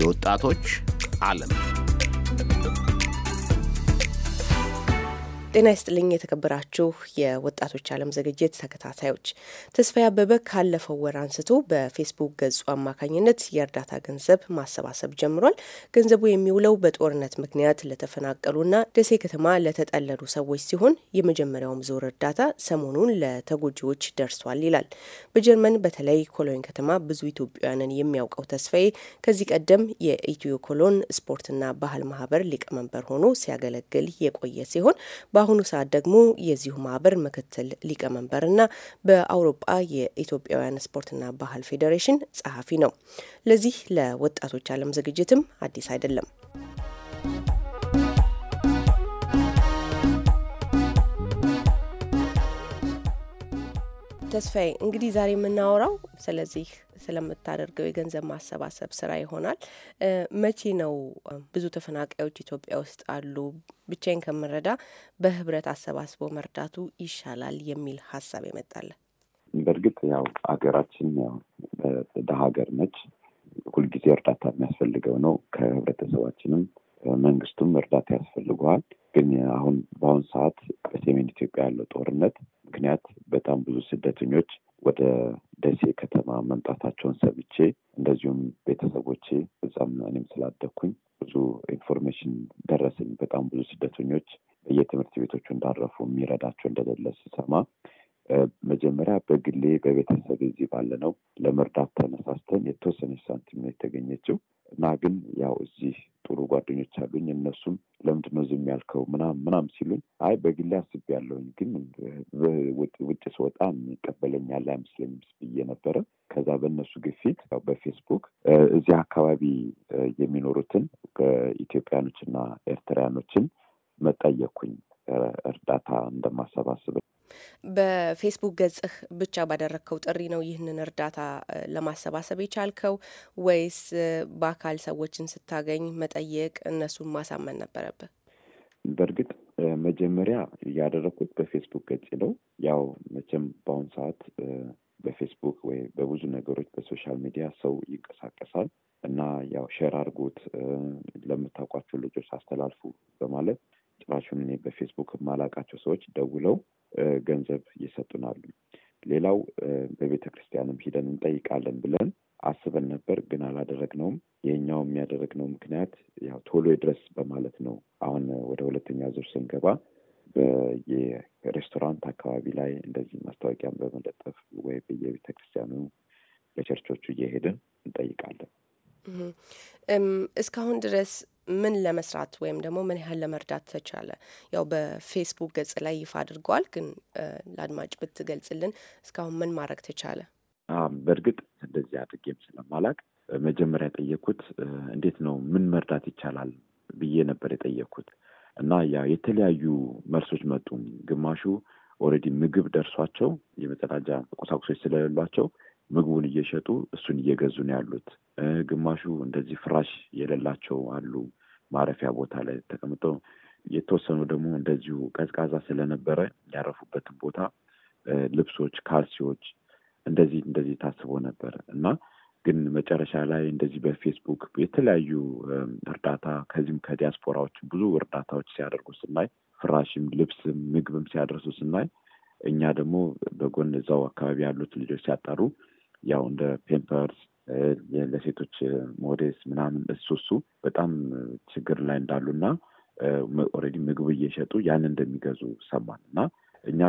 የወጣቶች ዓለም ጤና ይስጥልኝ የተከበራችሁ የወጣቶች ዓለም ዝግጅት ተከታታዮች። ተስፋዬ አበበ ካለፈው ወር አንስቶ በፌስቡክ ገጹ አማካኝነት የእርዳታ ገንዘብ ማሰባሰብ ጀምሯል። ገንዘቡ የሚውለው በጦርነት ምክንያት ለተፈናቀሉና ደሴ ከተማ ለተጠለሉ ሰዎች ሲሆን የመጀመሪያውም ዙር እርዳታ ሰሞኑን ለተጎጂዎች ደርሷል ይላል። በጀርመን በተለይ ኮሎኝ ከተማ ብዙ ኢትዮጵያውያንን የሚያውቀው ተስፋዬ ከዚህ ቀደም የኢትዮ ኮሎን ስፖርትና ባህል ማህበር ሊቀመንበር ሆኖ ሲያገለግል የቆየ ሲሆን በአሁኑ ሰዓት ደግሞ የዚሁ ማህበር ምክትል ሊቀመንበርና በአውሮፓ የኢትዮጵያውያን ስፖርትና ባህል ፌዴሬሽን ጸሐፊ ነው። ለዚህ ለወጣቶች ዓለም ዝግጅትም አዲስ አይደለም። ተስፋዬ እንግዲህ ዛሬ የምናወራው ስለዚህ ስለምታደርገው የገንዘብ ማሰባሰብ ስራ ይሆናል። መቼ ነው ብዙ ተፈናቃዮች ኢትዮጵያ ውስጥ አሉ፣ ብቻዬን ከምረዳ በህብረት አሰባስቦ መርዳቱ ይሻላል የሚል ሀሳብ የመጣለ። በእርግጥ ያው ሀገራችን ያው ሀገር ነች። ሁልጊዜ እርዳታ የሚያስፈልገው ነው። ከህብረተሰባችንም መንግስቱም እርዳታ ያስፈልገዋል። ግን አሁን በአሁኑ ሰዓት በሰሜን ኢትዮጵያ ያለው ጦርነት ምክንያት በጣም ብዙ ስደተኞች ወደ ደሴ ከተማ መምጣታቸውን ሰምቼ እንደዚሁም ቤተሰቦቼ እዛም እኔም ስላደኩኝ ብዙ ኢንፎርሜሽን ደረሰኝ። በጣም ብዙ ስደተኞች በየትምህርት ቤቶቹ እንዳረፉ የሚረዳቸው እንደሌለ ስሰማ መጀመሪያ በግሌ በቤተሰብ እዚህ ባለ ነው ለመርዳት ተነሳስተን የተወሰነች ሳንቲም ነው የተገኘችው። እና ግን ያው እዚህ ጥሩ ጓደኞች አሉኝ። እነሱም ነው ዝም ያልከው ምናም ምናም ሲሉኝ አይ በግሌ ያለውኝ ግን ውጭ ስወጣ የሚቀበለኛል አይመስለኝም ብዬ ነበረ። ከዛ በእነሱ ግፊት በፌስቡክ እዚህ አካባቢ የሚኖሩትን ኢትዮጵያኖችና ኤርትራያኖችን መጠየኩኝ እርዳታ እንደማሰባስብ በፌስቡክ ገጽህ ብቻ ባደረግከው ጥሪ ነው ይህንን እርዳታ ለማሰባሰብ የቻልከው ወይስ በአካል ሰዎችን ስታገኝ መጠየቅ፣ እነሱን ማሳመን ነበረብህ? በእርግጥ መጀመሪያ ያደረግኩት በፌስቡክ ገጽ ነው። ያው መቼም በአሁኑ ሰዓት በፌስቡክ ወይ በብዙ ነገሮች በሶሻል ሚዲያ ሰው ይንቀሳቀሳል እና ያው ሼር አድርጉት፣ ለምታውቋቸው ልጆች አስተላልፉ በማለት ጭራሹን እኔ በፌስቡክ የማላውቃቸው ሰዎች ደውለው ገንዘብ ይሰጡናሉ። ሌላው በቤተ ክርስቲያንም ሂደን እንጠይቃለን ብለን አስበን ነበር፣ ግን አላደረግነውም። ይህኛው የሚያደረግነው ምክንያት ያው ቶሎ ድረስ በማለት ነው። አሁን ወደ ሁለተኛ ዙር ስንገባ በየሬስቶራንት አካባቢ ላይ እንደዚህ ማስታወቂያን በመለጠፍ ወይ በየቤተ ክርስቲያኑ በቸርቾቹ እየሄድን እንጠይቃለን። እስካሁን ድረስ ምን ለመስራት ወይም ደግሞ ምን ያህል ለመርዳት ተቻለ? ያው በፌስቡክ ገጽ ላይ ይፋ አድርገዋል፣ ግን ለአድማጭ ብትገልጽልን እስካሁን ምን ማድረግ ተቻለ? በእርግጥ እንደዚህ አድርጌም ስለማላቅ መጀመሪያ የጠየኩት እንዴት ነው ምን መርዳት ይቻላል ብዬ ነበር የጠየኩት እና ያ የተለያዩ መልሶች መጡ። ግማሹ ኦልሬዲ ምግብ ደርሷቸው የመጸዳጃ ቁሳቁሶች ስለሌሏቸው ምግቡን እየሸጡ እሱን እየገዙ ነው ያሉት። ግማሹ እንደዚህ ፍራሽ የሌላቸው አሉ ማረፊያ ቦታ ላይ ተቀምጠው፣ የተወሰኑ ደግሞ እንደዚሁ ቀዝቃዛ ስለነበረ ያረፉበትን ቦታ ልብሶች፣ ካልሲዎች እንደዚህ እንደዚህ ታስቦ ነበር እና ግን መጨረሻ ላይ እንደዚህ በፌስቡክ የተለያዩ እርዳታ ከዚህም ከዲያስፖራዎች ብዙ እርዳታዎች ሲያደርጉ ስናይ ፍራሽም፣ ልብስም፣ ምግብም ሲያደርሱ ስናይ እኛ ደግሞ በጎን እዛው አካባቢ ያሉት ልጆች ሲያጠሩ። ያው እንደ ፔምፐርስ ለሴቶች ሞዴስ ምናምን እሱ እሱ በጣም ችግር ላይ እንዳሉና ኦልሬዲ ምግብ እየሸጡ ያን እንደሚገዙ ሰማን እና እኛ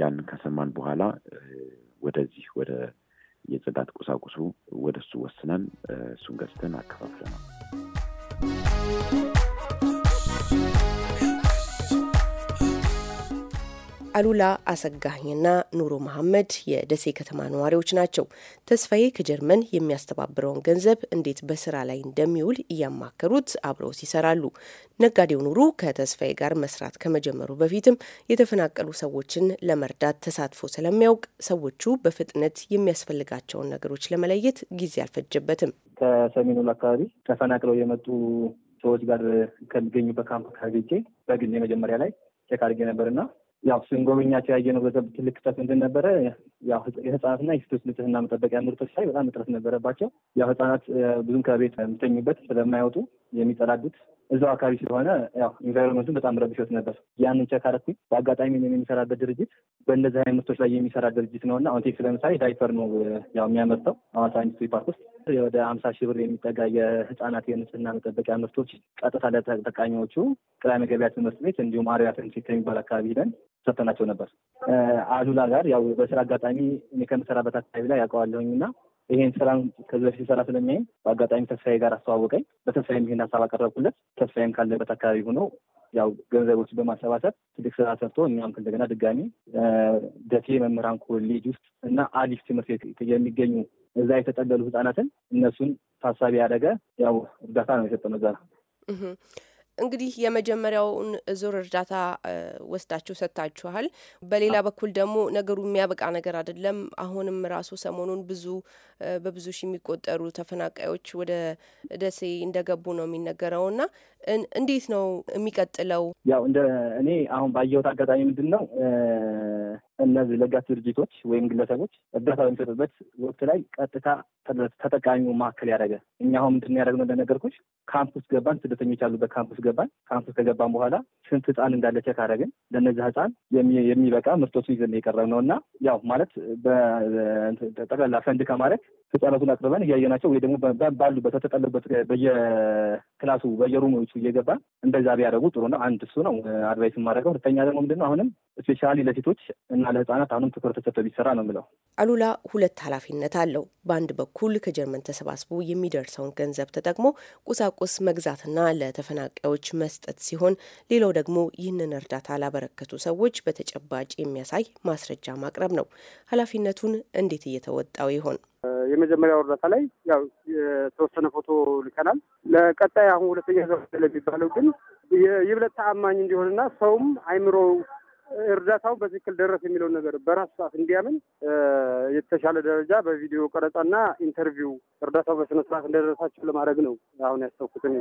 ያን ከሰማን በኋላ ወደዚህ ወደ የጽዳት ቁሳቁሱ ወደ እሱ ወስነን እሱን ገዝተን አከፋፍለናል። አሉላ አሰጋኝና ኑሮ መሐመድ የደሴ ከተማ ነዋሪዎች ናቸው። ተስፋዬ ከጀርመን የሚያስተባብረውን ገንዘብ እንዴት በስራ ላይ እንደሚውል እያማከሩት አብረውት ይሰራሉ። ነጋዴው ኑሩ ከተስፋዬ ጋር መስራት ከመጀመሩ በፊትም የተፈናቀሉ ሰዎችን ለመርዳት ተሳትፎ ስለሚያውቅ ሰዎቹ በፍጥነት የሚያስፈልጋቸውን ነገሮች ለመለየት ጊዜ አልፈጀበትም። ከሰሜኑ አካባቢ ተፈናቅለው የመጡ ሰዎች ጋር ከሚገኙበት ካምፕ ካግጄ በግል የመጀመሪያ ላይ ቼክ አድርጌ ነበርና ያው ስንጎበኛቸው ያየነው በዛ ትልቅ ክፍተት ምንድን ነበረ? ያው የህፃናትና የሴቶች ንጽህና መጠበቂያ ምርቶች ላይ በጣም እጥረት ነበረባቸው። ያው ህፃናት ብዙም ከቤት የሚተኙበት ስለማይወጡ የሚጠላዱት እዛው አካባቢ ስለሆነ ያው ኢንቫይሮንመንቱን በጣም ረብሾት ነበር። ያንን ቸክ አደረኩኝ። በአጋጣሚ የሚሰራበት ድርጅት በእንደዚህ አይነት ምርቶች ላይ የሚሰራ ድርጅት ነው እና አሁን ቴክስ ለምሳሌ ዳይፐር ነው ያው የሚያመርተው ሐዋሳ ኢንዱስትሪ ፓርክ ውስጥ ወደ ሀምሳ ሺህ ብር የሚጠጋ የህፃናት የንጽህና መጠበቂያ ምርቶች ቀጥታ ለተጠቃሚዎቹ ቅዳሜ ገበያ ትምህርት ቤት እንዲሁም አርያ ትምህርት ከሚባል አካባቢ ሄደን ሰጥተናቸው ነበር። አሉላ ጋር ያው በስራ አጋጣሚ ከምሰራበት አካባቢ ላይ ያውቀዋለሁኝ እና ይሄን ስራ ከዚህ በፊት ሰራ ስለሚያይ በአጋጣሚ ተስፋዬ ጋር አስተዋወቀኝ። በተስፋዬም ይሄን ሀሳብ አቀረብኩለት። ተስፋዬም ካለበት አካባቢ ሆኖ ያው ገንዘቦች በማሰባሰብ ትልቅ ስራ ሰርቶ እኛም እንደገና ድጋሚ ደሴ መምህራን ኮሌጅ ውስጥ እና አዲስ ትምህርት ቤት የሚገኙ እዛ የተጠለሉ ህጻናትን እነሱን ታሳቢ ያደረገ ያው እርዳታ ነው የሰጠነው እዛ እንግዲህ የመጀመሪያውን ዙር እርዳታ ወስዳችሁ ሰጥታችኋል። በሌላ በኩል ደግሞ ነገሩ የሚያበቃ ነገር አይደለም። አሁንም ራሱ ሰሞኑን ብዙ በብዙ ሺህ የሚቆጠሩ ተፈናቃዮች ወደ ደሴ እንደገቡ ነው የሚነገረው እና እንዴት ነው የሚቀጥለው? ያው እንደ እኔ አሁን ባየሁት አጋጣሚ ምንድን ነው እነዚህ ለጋት ድርጅቶች ወይም ግለሰቦች እርዳታ በሚሰጡበት ወቅት ላይ ቀጥታ ተጠቃሚው ማዕከል ያደረገ እኛ አሁን ምንድን ነው እንደነገርኩሽ ካምፑስ ገባን። ስደተኞች ያሉበት ካምፑስ ገባን። ካምፑስ ከገባን በኋላ ስንት ህፃን እንዳለ ቼክ አደረግን። ህፃን የሚበቃ ምርቶችን ይዘን የቀረብ ነው እና ያው ማለት ጠቅላላ ፈንድ ከማድረግ ህፃናቱን አቅርበን እያየናቸው ወይ ደግሞ ባሉበት በተጠለበት በየክላሱ በየሩሞቹ እየገባን እንደዛ ቢያደረጉ ጥሩ ነው። አንድ እሱ ነው አድቫይስ የማደርገው። ሁለተኛ ደግሞ ምንድነው አሁንም ስፔሻሊ ለሴቶች ለሴቶችና ለህጻናት አሁንም ትኩረት ተሰጥቶ ቢሰራ ነው ምለው። አሉላ ሁለት ኃላፊነት አለው። በአንድ በኩል ከጀርመን ተሰባስቦ የሚደርሰውን ገንዘብ ተጠቅሞ ቁሳቁስ መግዛትና ለተፈናቃዮች መስጠት ሲሆን፣ ሌላው ደግሞ ይህንን እርዳታ ላበረከቱ ሰዎች በተጨባጭ የሚያሳይ ማስረጃ ማቅረብ ነው። ኃላፊነቱን እንዴት እየተወጣው ይሆን? የመጀመሪያው እርዳታ ላይ ያው የተወሰነ ፎቶ ልከናል። ለቀጣይ አሁን ሁለተኛ ዘ ለሚባለው ግን ይብለት ተአማኝ እንዲሆንና ሰውም አይምሮ እርዳታው በትክክል ደረስ የሚለውን ነገር በራሱ ሰዓት እንዲያምን የተሻለ ደረጃ በቪዲዮ ቀረጻና ኢንተርቪው እርዳታው በስነስርዓት እንደደረሳቸው ለማድረግ ነው አሁን ያስተውኩት እኔ።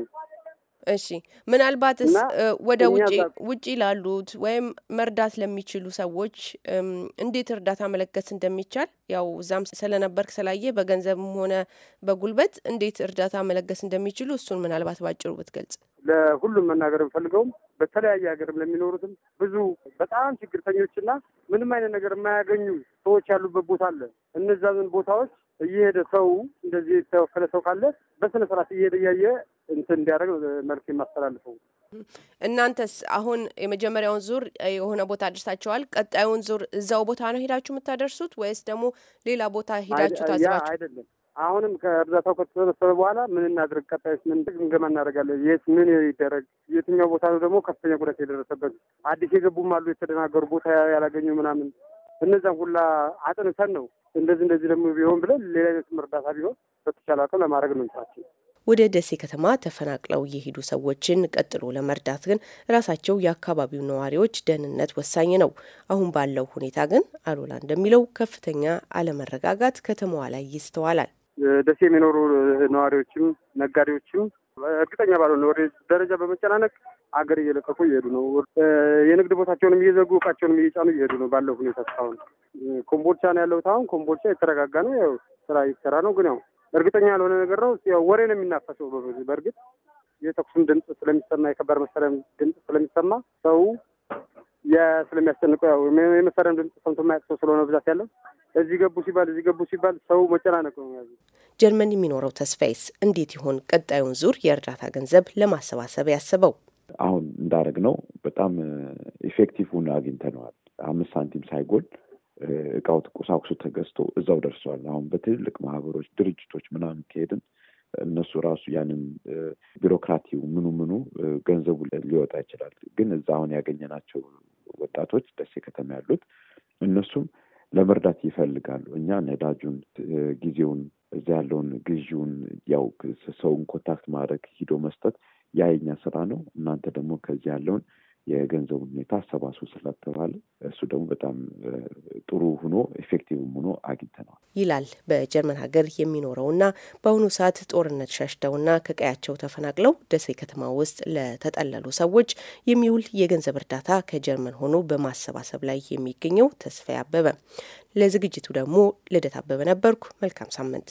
እሺ ምናልባትስ ወደ ውጪ ውጪ ላሉት ወይም መርዳት ለሚችሉ ሰዎች እንዴት እርዳታ መለገስ እንደሚቻል ያው እዛም ስለነበርክ ስላየ በገንዘብም ሆነ በጉልበት እንዴት እርዳታ መለገስ እንደሚችሉ እሱን ምናልባት ባጭሩ ብትገልጽ። ለሁሉም መናገር የምፈልገውም በተለያየ ሀገርም ለሚኖሩትም ብዙ በጣም ችግርተኞችና ምንም አይነት ነገር የማያገኙ ሰዎች ያሉበት ቦታ አለ። እነዛን ቦታዎች እየሄደ ሰው እንደዚህ የተወከለ ሰው ካለ በስነ ስርዓት እየሄደ እያየ እንትን እንዲያደርግ መልክ የማስተላልፈው። እናንተስ አሁን የመጀመሪያውን ዙር የሆነ ቦታ አድርሳችኋል። ቀጣዩን ዙር እዛው ቦታ ነው ሄዳችሁ የምታደርሱት ወይስ ደግሞ ሌላ ቦታ ሄዳችሁ ታዝባችሁ? አይደለም አሁንም ከእርዳታው ከተሰበሰበ በኋላ ምን እናድርግ፣ ቀጣዮች ምን ግምገማ እናደርጋለን፣ የት ምን ይደረግ፣ የትኛው ቦታ ነው ደግሞ ከፍተኛ ጉዳት የደረሰበት፣ አዲስ የገቡም አሉ የተደናገሩ ቦታ ያላገኙ ምናምን፣ እነዛም ሁላ አጥንተን ነው እንደዚህ እንደዚህ ደግሞ ቢሆን ብለን ሌላ አይነት እርዳታ ቢሆን በተቻለ አቅም ለማድረግ ነው እንሳችን። ወደ ደሴ ከተማ ተፈናቅለው የሄዱ ሰዎችን ቀጥሎ ለመርዳት ግን ራሳቸው የአካባቢው ነዋሪዎች ደህንነት ወሳኝ ነው። አሁን ባለው ሁኔታ ግን አሎላ እንደሚለው ከፍተኛ አለመረጋጋት ከተማዋ ላይ ይስተዋላል። ደሴ የሚኖሩ ነዋሪዎችም ነጋዴዎችም እርግጠኛ ባልሆነ ደረጃ በመጨናነቅ አገር እየለቀቁ እየሄዱ ነው። የንግድ ቦታቸውንም እየዘጉ እቃቸውንም እየጫኑ እየሄዱ ነው። ባለው ሁኔታ እስካሁን ኮምቦልቻ ነው ያለሁት። አሁን ኮምቦልቻ የተረጋጋ ነው። ያው ስራ ይሰራ ነው። ግን ያው እርግጠኛ ያልሆነ ነገር ነው። ወሬ ነው የሚናፈሰው። በእርግጥ የተኩሱም ድምፅ ስለሚሰማ የከባድ መሳሪያም ድምፅ ስለሚሰማ ሰው ስለሚያስጨንቀው ያው ድምጽ ሰምቶ የማያውቅ ሰው ስለሆነ ብዛት ያለው እዚህ ገቡ ሲባል እዚህ ገቡ ሲባል ሰው መጨናነቅ ነው ያዙ። ጀርመን የሚኖረው ተስፋይስ እንዴት ይሆን ቀጣዩን ዙር የእርዳታ ገንዘብ ለማሰባሰብ ያስበው? አሁን እንዳደረግ ነው በጣም ኢፌክቲቭን አግኝተነዋል። አምስት ሳንቲም ሳይጎል እቃው ቁሳቁሱ ተገዝቶ እዛው ደርሰዋል። አሁን በትልልቅ ማህበሮች፣ ድርጅቶች ምናምን ከሄድን እነሱ ራሱ ያንን ቢሮክራቲው ምኑ ምኑ ገንዘቡ ሊወጣ ይችላል። ግን እዛ አሁን ያገኘናቸው ወጣቶች ደሴ ከተማ ያሉት እነሱም ለመርዳት ይፈልጋሉ። እኛ ነዳጁን፣ ጊዜውን፣ እዚያ ያለውን ግዢውን፣ ያው ሰውን ኮንታክት ማድረግ ሂዶ መስጠት ያ የኛ ስራ ነው። እናንተ ደግሞ ከዚህ ያለውን የገንዘቡ ሁኔታ ሰባ ስለተባለ እሱ ደግሞ በጣም ጥሩ ሆኖ ኤፌክቲቭም ሆኖ አግኝተነዋል ይላል በጀርመን ሀገር የሚኖረውና በአሁኑ ሰዓት ጦርነት ሸሽተውና ከቀያቸው ተፈናቅለው ደሴ ከተማ ውስጥ ለተጠለሉ ሰዎች የሚውል የገንዘብ እርዳታ ከጀርመን ሆኖ በማሰባሰብ ላይ የሚገኘው ተስፋዬ አበበ። ለዝግጅቱ ደግሞ ልደት አበበ ነበርኩ። መልካም ሳምንት።